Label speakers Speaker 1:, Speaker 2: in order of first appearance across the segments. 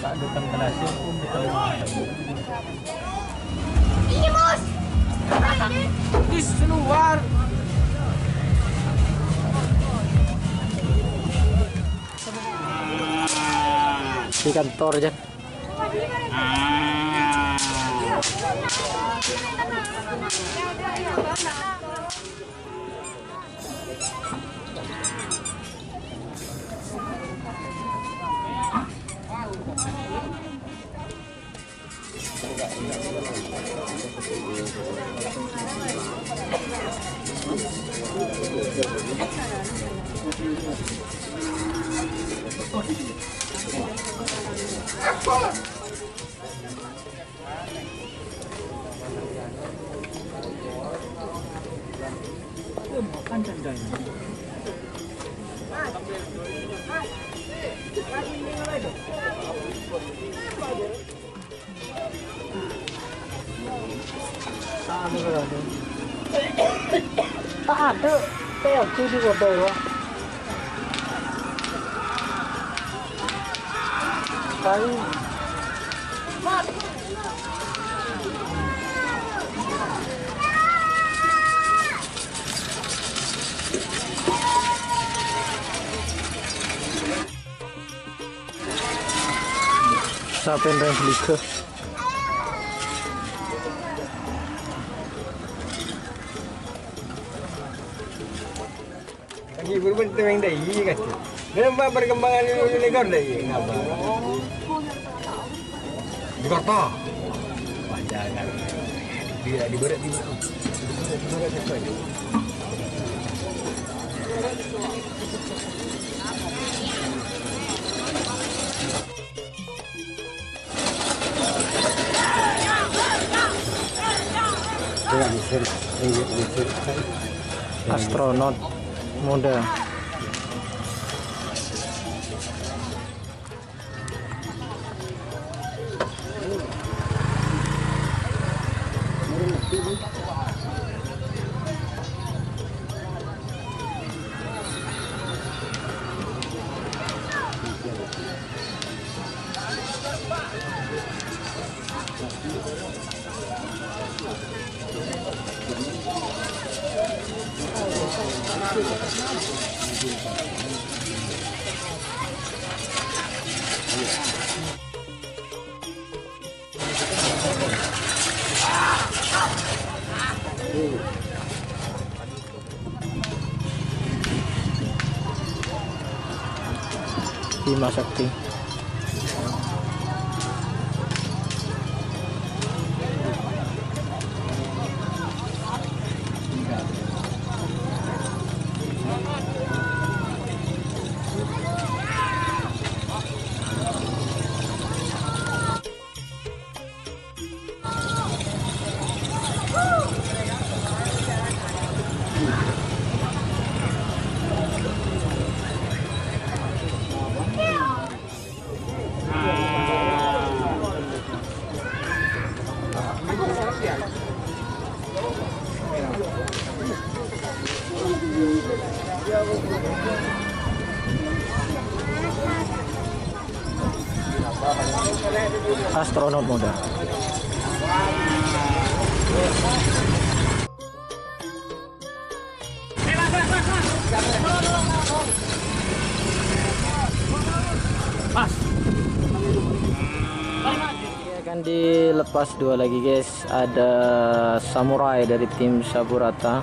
Speaker 1: keadukan kelasnya pun Ini mus! Di luar! Di kantor aja. 啊，这个。啊，都不要吹屁股，不要。tayo. Sa atin rin dito. Lagi berbenteng dah, iya kata. Nampak perkembangan ini, ini kau dah, iya. Jakarta wajah kan dia di barat di barat di barat siapa astronot muda 第五十题。astronot muda. Pas. Ini akan dilepas dua lagi guys. Ada samurai dari tim Saburata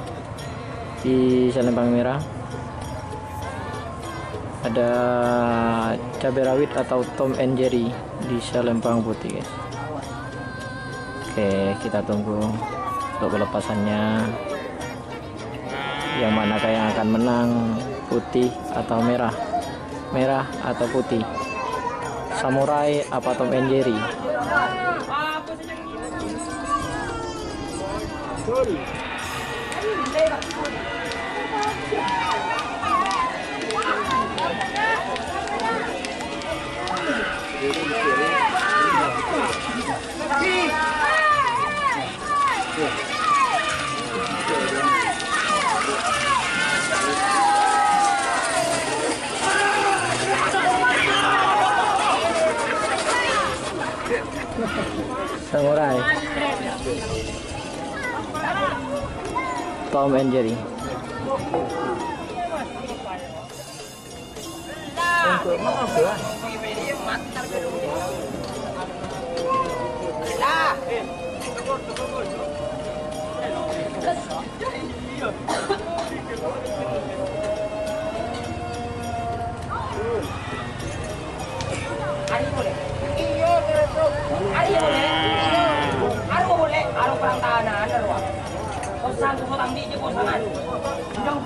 Speaker 1: di Selempang Merah. Ada cabai rawit atau Tom and Jerry bisa lempang putih guys oke kita tunggu untuk pelepasannya yang manakah yang akan menang putih atau merah merah atau putih samurai apa Tom and Jerry Tom and Jerry. Untuk Ayo, sang của các bạn đi chứ bộ sao này. Trong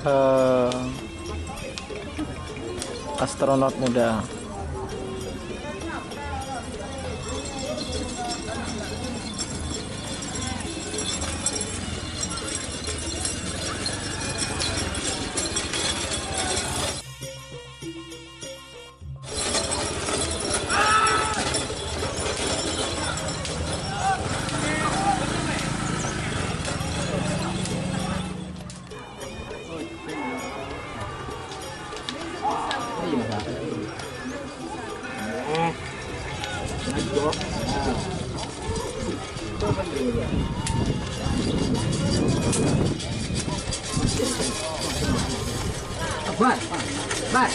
Speaker 1: ke astronot muda Vai, vai,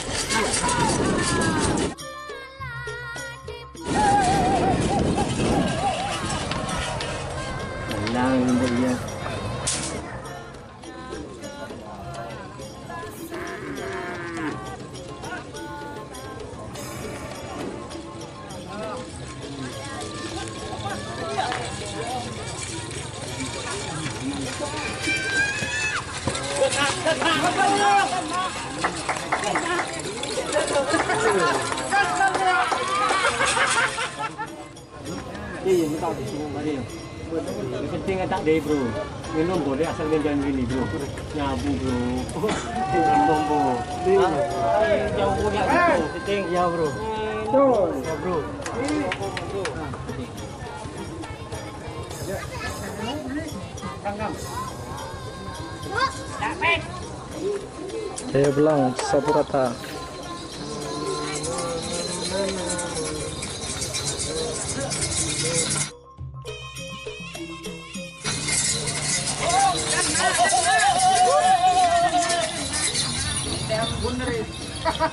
Speaker 1: vai. tau Penting tak deh bro. Minum deh asal jangan gini bro. Nyabu bro. Bukan bombo. Jauh punya bro. Penting ya bro. Ya bro. Saya bilang sapu rata. 哈 哈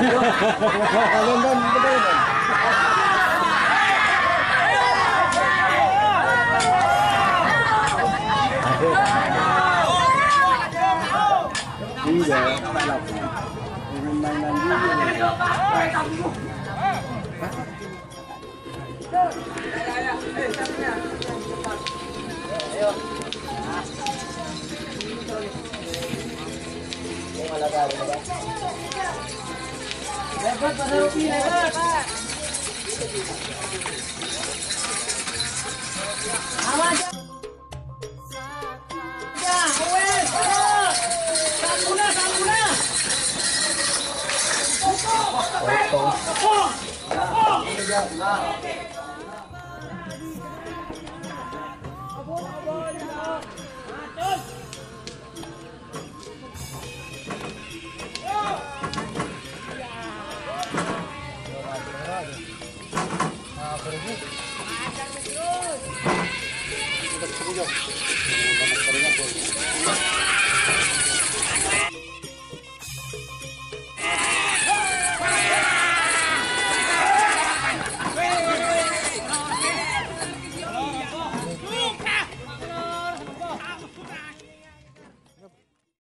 Speaker 1: London, betul kan? Iya, 阿妈，好，家，好嘞！三姑娘，三姑娘，扑通，扑通，扑通，扑通。Terus.